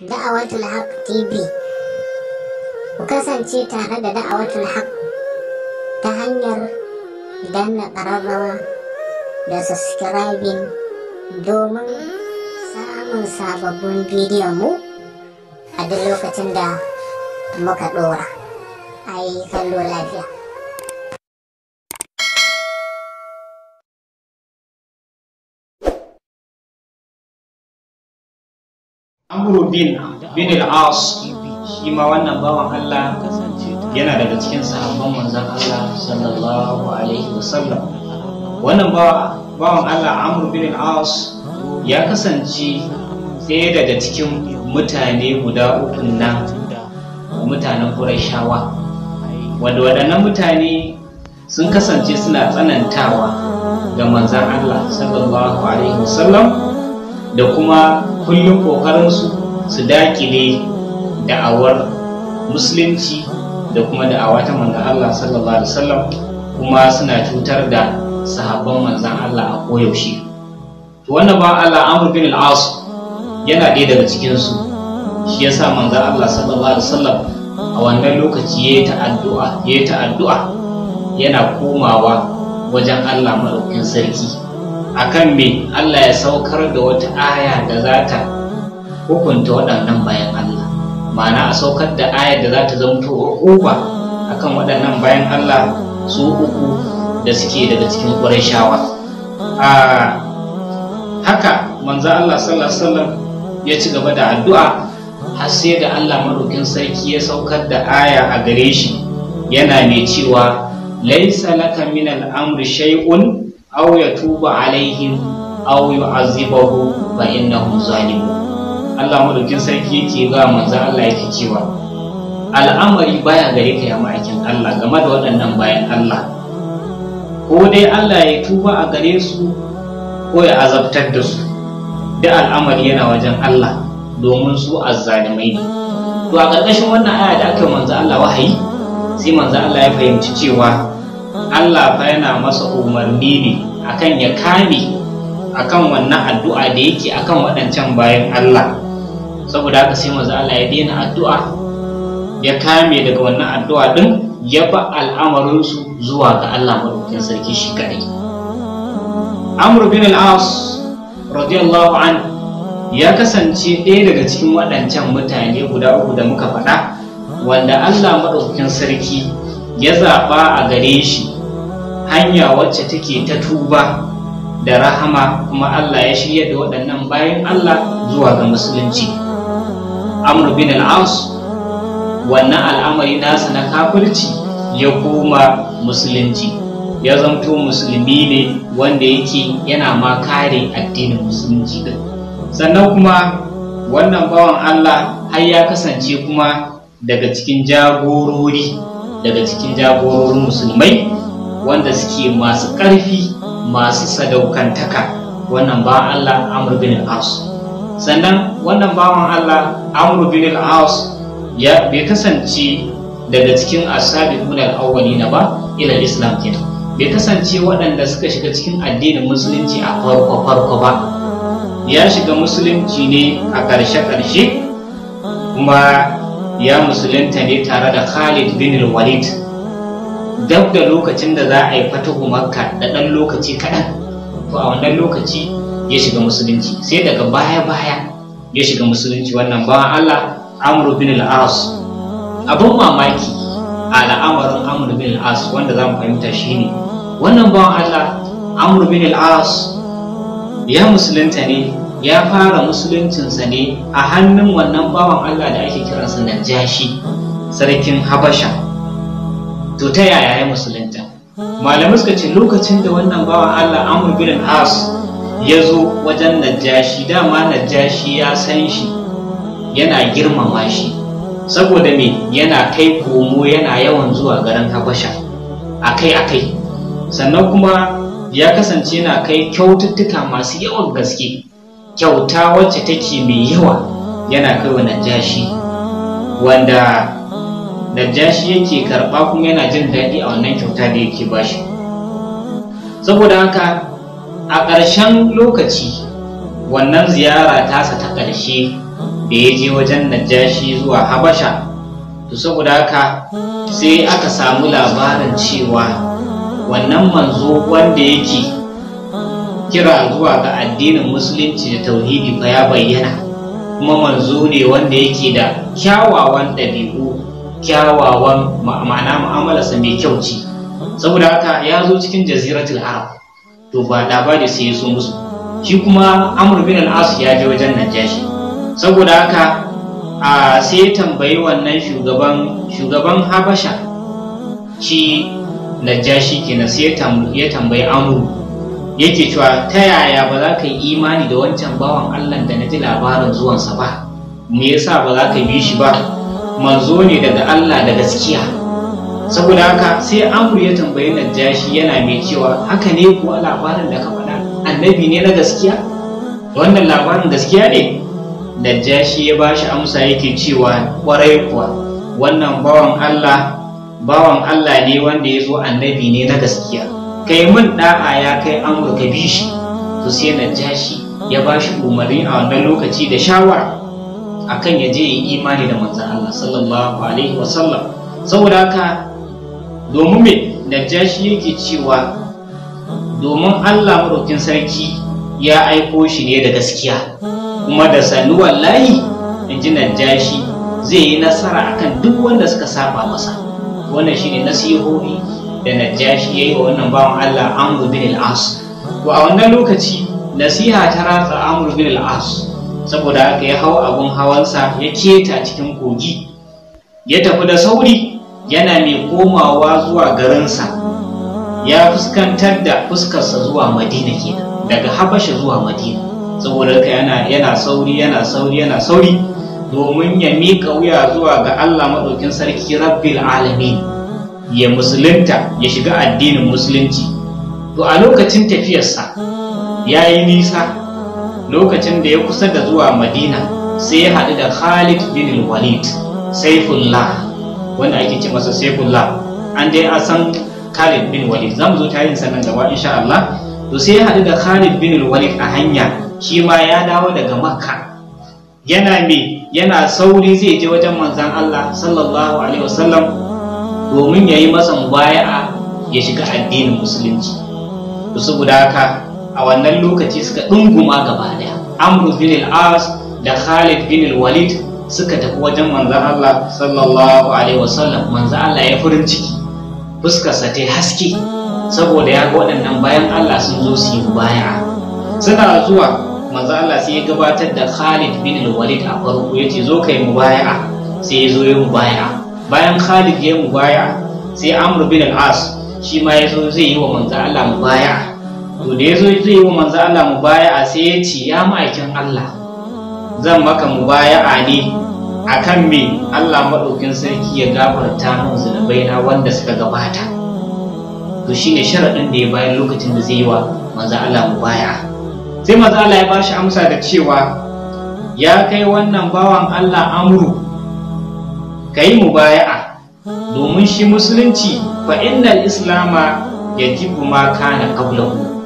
da'awatul haq tv ku kasance tare da da'awatul haq ta hanyar danna ƙararrawa da subscribing domin samun sababbin bidiyon mu a duk lokacin da muka ɗora a yi kallo lafiya Amuru bin bin al-as shi ma wannan bawan Allah yana daga cikin sahabban manzon Allah sallallahu alaihi wasallam wannan bawan Allah Amuru bin al-as ya kasance ɗaya daga cikin mutane guda uku na mutanen Qurayshawa wanda waɗannan mutane sun kasance suna tsanantawa ga manzon Allah sallallahu alaihi wasallam da kuma kullum ƙoƙarinsu su dakile da'awar musulunci da kuma da'awa ta manzan Allah sallallahu alaihi wasallam kuma suna cutar da sahabban manzan Allah a koyaushe to wannan ba Allah Amr bin al-As yana ɗaya daga cikin su shi yasa manzan Allah sallallahu alaihi wasallam a wannan lokaci ya ta addu'a ta addu'a yana komawa wajen Allah madaukakin sarki akan me Allah ya saukar da wata aya da za ta hukunta waɗannan bayan Allah ma'ana a saukar da aya da za ta zamto uba akan waɗannan bayan Allah su uku da suke daga cikin shawa a haka manzo Allah sallallahu alaihi ya ci gaba da addu'a har sai da Allah madaukin sarki ya saukar da aya a gare shi yana mai cewa 'Lai laka min al-amri shay'un aw yatuba alaihim aw yu'azibahu fa innahum zalimun Allah madaukin sarki yake ga manzo Allah yake cewa al'amari baya gare ka ya ma'aikin Allah game da waɗannan bayan Allah ko dai Allah ya tuba a gare su ko ya azabtar da su da al'amari yana wajen Allah domin su azzalimai ne to a ƙarƙashin wannan aya da aka manzo Allah wahayi sai manzo Allah ya fahimci cewa Allah fa yana masa umarni ne akan ya kame akan wannan addu'a da yake akan waɗancan bayan Allah saboda haka sai maza Allah ya daina addu'a ya kame daga wannan addu'a din ya ba al'amarinsu zuwa ga Allah madaukakin sarki shi kaɗai Amr bin al-As radiyallahu an ya kasance ɗaya daga cikin waɗancan mutane guda uku da muka faɗa wanda Allah madaukakin sarki ya zaɓa a gare shi hanya wacce take ta tuba da rahama kuma Allah ya shirya da waɗannan bayan Allah zuwa ga musulunci amr bin al wannan al'amari nasa na kafirci ya koma musulunci ya zamto musulmi ne wanda yake yana ma kare addinin musulunci din sannan kuma wannan bawan Allah har ya kasance kuma daga cikin jagorori daga cikin jagororin musulmai wanda suke masu ƙarfi masu sadaukantaka wannan ba Allah Amr bin al-As sannan wannan bawan Allah Amr bin al-As ya bai kasance daga cikin ashabi mun al na ba ila islam bai kasance waɗanda suka shiga cikin addinin musulunci a farko farko ba ya shiga musulunci ne a ƙarshe ƙarshe kuma ya musulunta ne tare da Khalid bin al-Walid duk da lokacin da za a yi fatahu makka da ɗan lokaci kaɗan to a wannan lokaci ya shiga musulunci sai daga baya baya ya shiga musulunci wannan bawan allah amru bin al-as abin mamaki a al'amarin amru bin al-as wanda za mu fahimta shine wannan bawan allah amru bin al-as ya musulunta ne ya fara musuluncinsa ne a hannun wannan bawan allah da ake kiransa najashi sarkin habasha to ta yaya ya musulunta malamai suka ce lokacin da wannan bawan Allah amur bin As ya zo wajen Najashi dama Najashi ya san shi yana girmama shi saboda me yana kai komo yana yawan zuwa garin Habasha akai-akai sannan kuma ya kasance yana kai kyaututtuka masu yawan gaske kyauta wacce take mai yawa yana kai wa Najashi wanda najashi yake karɓa kuma yana jin daɗi a wannan kyauta da yake bashi saboda haka a ƙarshen lokaci wannan ziyara tasa ta ƙarshe da ya je wajen najashi zuwa habasha to saboda haka sai aka samu labarin cewa wannan manzo wanda yake kira zuwa ga addinin musulunci da tauhidi fa ya bayyana kuma manzo ne wanda yake da kyawawan ɗabi'u kyawawan ma'ana mu'amalarsa mai kyau ce saboda haka ya zo cikin jaziratul arab to ba da da sai ya so musu shi kuma amur bin al-as ya je wajen najashi saboda haka a sai tambayi wannan shugaban shugaban habasha shi najashi kenan sai ya tambayi amur yake cewa ta yaya ba za ka yi imani da wancan bawan Allah da na ji labarin zuwansa ba me yasa ba za ka bi shi ba manzo ne daga Allah da gaskiya saboda haka sai amur ya tambayi najashi yana mai cewa haka ne kuwa labarin da ka faɗa annabi ne na gaskiya wannan labarin gaskiya ne najashi ya bashi amsa yake cewa kwarai kuwa wannan bawan Allah bawan Allah ne wanda ya zo annabi ne na gaskiya kai mun da'a ya kai ka bi shi to sai najashi ya bashi umarni a wannan lokaci da shawara akan ya je yi imani da manzan Allah sallallahu alaihi sallam saboda haka domin me najashi yake cewa domin Allah madaukin sarki ya aiko shi ne da gaskiya kuma da sanu wallahi in ji najashi zai yi nasara akan duk wanda suka saba masa wannan shine nasihohi da najashi yayi wa wannan bawan Allah Amr bin al-As to a wannan lokaci nasiha ta ratsa Amr bin al-As saboda haka ya hau abun hawansa ya keta cikin kogi ya tafi da sauri yana mai komawa zuwa garinsa ya fuskantar da fuskarsa zuwa madina kenan daga habasha zuwa madina saboda haka yana, sauri yana sauri yana sauri domin ya mika wuya zuwa ga allah maɗaukin sarki rabbil alamin ya musulunta ya shiga addinin musulunci to a lokacin tafiyarsa ya yi nisa lokacin da ya kusa da zuwa madina sai ya haɗu da khalid bin walid saifullah wanda ake ce masa saifullah an dai a san khalid bin walid za mu zo tarihin sannan gaba insha Allah to sai ya haɗu da khalid bin walid a hanya shi ma ya dawo daga makka yana me yana sauri zai je wajen manzan Allah sallallahu alaihi wasallam domin yayi yi masa mubaya'a ya shiga addinin musulunci to saboda haka a wannan lokaci suka ɗunguma gaba daya amru bin al-as da khalid bin al-walid suka tafi wajen manzan Allah sallallahu alaihi wasallam manzan Allah ya furin ciki fuskarsa ta haske saboda ya ga waɗannan bayan Allah sun zo su yi baya suna zuwa manzan Allah sai ya gabatar da Khalid bin al-Walid a farko ya ce zo kai mubaya sai ya zo ya mubaya bayan Khalid ya yi mubaya sai Amr bin al-As shi ma ya zo zai yi wa manzan Allah mubaya to da ya zai yi wa manzo Allah mubaya'a sai ya ce ya ma'aikin Allah zan maka mubaya'a ne akan me Allah maɗaukin sarki ya gafarta min zunubai na wanda suka gabata to shine sharaɗin da ya bayar lokacin da zai yi wa manzo Allah mubaya'a sai manzo Allah ya bashi amsa da cewa ya kai wannan bawan Allah amru ka yi mubaya'a domin shi musulunci fa innal islama yajibu ma kana qablahu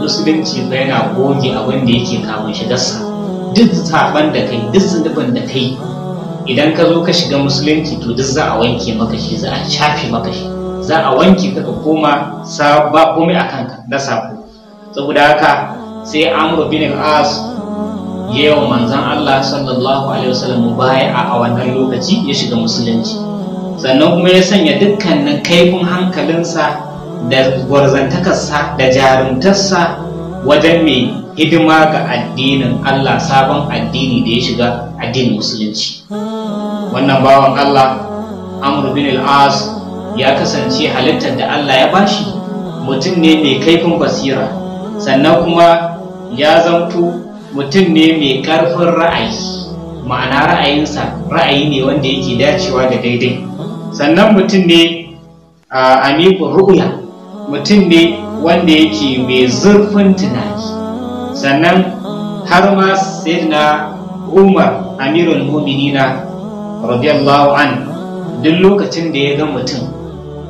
musulunci ba yana goge abin da yake kamun shigarsa duk taɓan da kai duk zunubin da kai idan ka zo ka shiga musulunci to duk za a wanke maka shi za a shafe maka shi za a wanke ka ka koma ba komai a kanka na sabo saboda haka sai amru bin as ya manzan Allah sallallahu alaihi wasallam baya a wannan lokaci ya shiga musulunci sannan kuma ya sanya dukkanin kaifin hankalinsa da gwarzantakarsa da jaruntarsa wajen mai hidima ga addinin Allah sabon addini da ya shiga addinin musulunci wannan bawan Allah Amr bin al-As ya kasance halittar da Allah ya bashi mutum ne mai kaifin basira sannan kuma ya zamto mutum ne mai karfin ra'ayi ma'ana ra'ayinsa ra'ayi ne wanda yake dacewa da daidai sannan mutum ne a amikun ru'uya mutum ne wanda yake mai zurfin tunani sannan har ma na umar amirul muminina radiyallahu an duk lokacin da ya ga mutum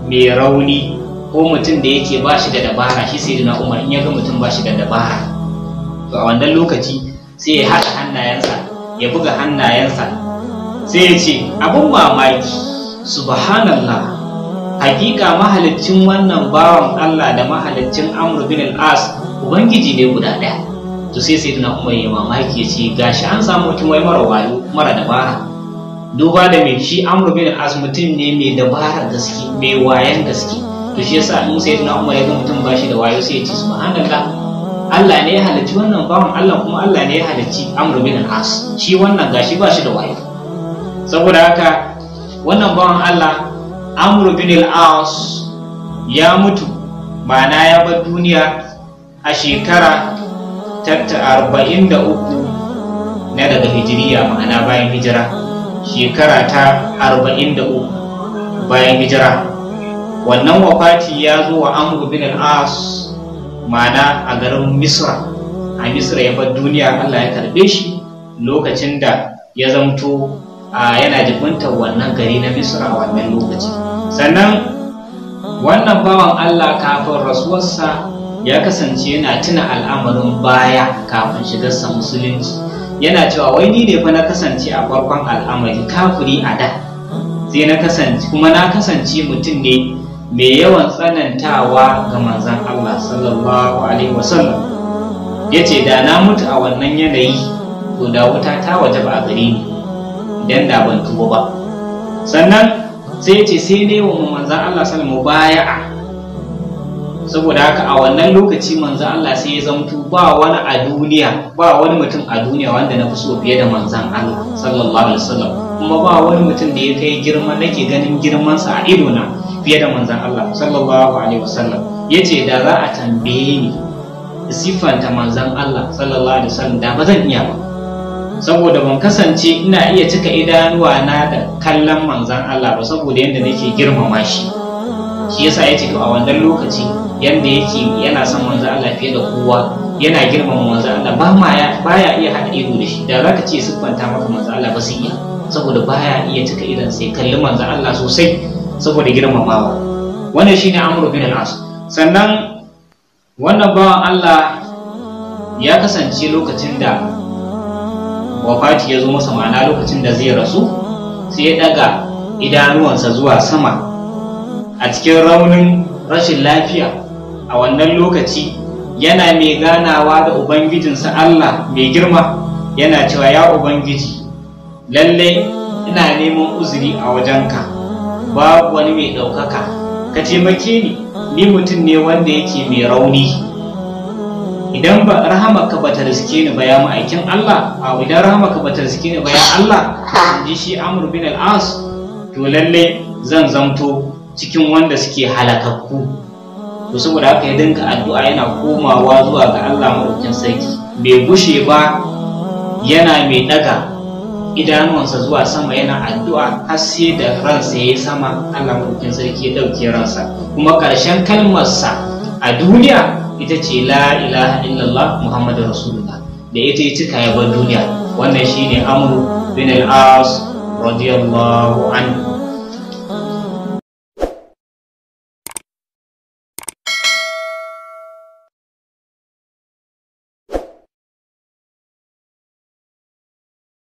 mai rauni ko mutum da yake ba shi da dabara shi na umar in ya ga mutum ba shi da dabara to a wannan lokaci sai ya haɗa hannayensa ya buga hannayensa sai ya ce abin mamaki subhanallah hakika mahaliccin wannan bawan Allah da mahaliccin Amr bin al-As ubangiji ne guda daya to sai sai na Umar ya mamaki ya ce gashi an samu mutum wai mara wayo mara dabara duba da mai shi Amr bin al-As mutum ne mai dabara gaske mai wayan gaske to shi yasa mun sai na Umar ya ga mutum bashi da wayo sai ya ce subhanallah Allah ne ya halicci wannan bawan Allah kuma Allah ne ya halicci Amr bin al-As shi wannan gashi bashi da wayo saboda haka wannan bawan Allah amru bin al ya mutu ma'ana ya bar duniya a shekara ta arba'in na daga hijiriya ma'ana bayan hijira shekara ta arba'in bayan hijira wannan wafati ya zo wa amru bin al ma'ana a garin misra a misra ya bar duniya allah ya karbe shi lokacin da ya zamto yana jibintar wannan gari na misra a wannan lokaci sannan wannan bawan Allah kafin rasuwarsa ya kasance yana tuna al'amarin baya kafin shigarsa musulunci yana cewa wai ni ne fa na kasance a farkon al'amari kafiri a da sai na kasance kuma na kasance mutum ne mai yawan tsanantawa ga manzon Allah sallallahu alaihi wasallam yace da na mutu a wannan yanayi to da wuta ta waje ba a gare ni idan da ban tuba ba sannan sai ce sai ne wa manzan Allah mu baya'a saboda haka a wannan lokaci manzan Allah sai ya zamtu ba wani a duniya ba wani mutum a duniya wanda na fi so fiye da manzan Allah sallallahu alaihi wasallam kuma ba wani mutum da ya kai girma nake ganin girmansa a ido na fiye da manzan Allah sallallahu alaihi wasallam yace da za a tambaye ni sifanta manzan Allah sallallahu alaihi wasallam da ba zan iya ba saboda ban kasance ina iya cika idanuwa na da kallon manzan Allah ba saboda yadda nake girmama shi shi yasa ya ce a wannan lokaci yadda yake yana son manzan Allah fiye da kowa yana girmama manzan Allah ba ma baya iya haɗa ido da shi da ka ce siffanta maka manzan Allah ba su iya saboda baya iya cika idan sai kalli manzan Allah sosai saboda girmamawa wannan shine amru bin al-as sannan wannan bawan Allah ya kasance lokacin da wafati ya zo masa ma'ana lokacin da zai rasu sai ya daga idanuwansa zuwa sama a cikin raunin rashin lafiya a wannan lokaci yana mai ganawa da ubangijinsa Allah mai girma yana cewa ya ubangiji lalle ina neman uzuri a wajenka babu wani mai ɗaukaka ka taimake ni ni mutum ne wanda yake mai rauni idan ba rahamaka ba ta riske ni ba ya ma'aikin Allah a idan rahamaka ba ta riske ni ba ya Allah ji shi Amr bin al-As to lalle zan zamto cikin wanda suke halakakku to saboda haka ya dinka addu'a yana komawa zuwa ga Allah madaukin sarki bai gushe ba yana mai daga idanuwansa zuwa sama yana addu'a har sai da ransa ya yi sama Allah mulkin sarki ya dauke ransa kuma ƙarshen kalmarsa a duniya ita ce la ilaha illallah muhammadu rasulullah da ita ya cika ya duniya wannan shine amru bin al-as radiyallahu anhu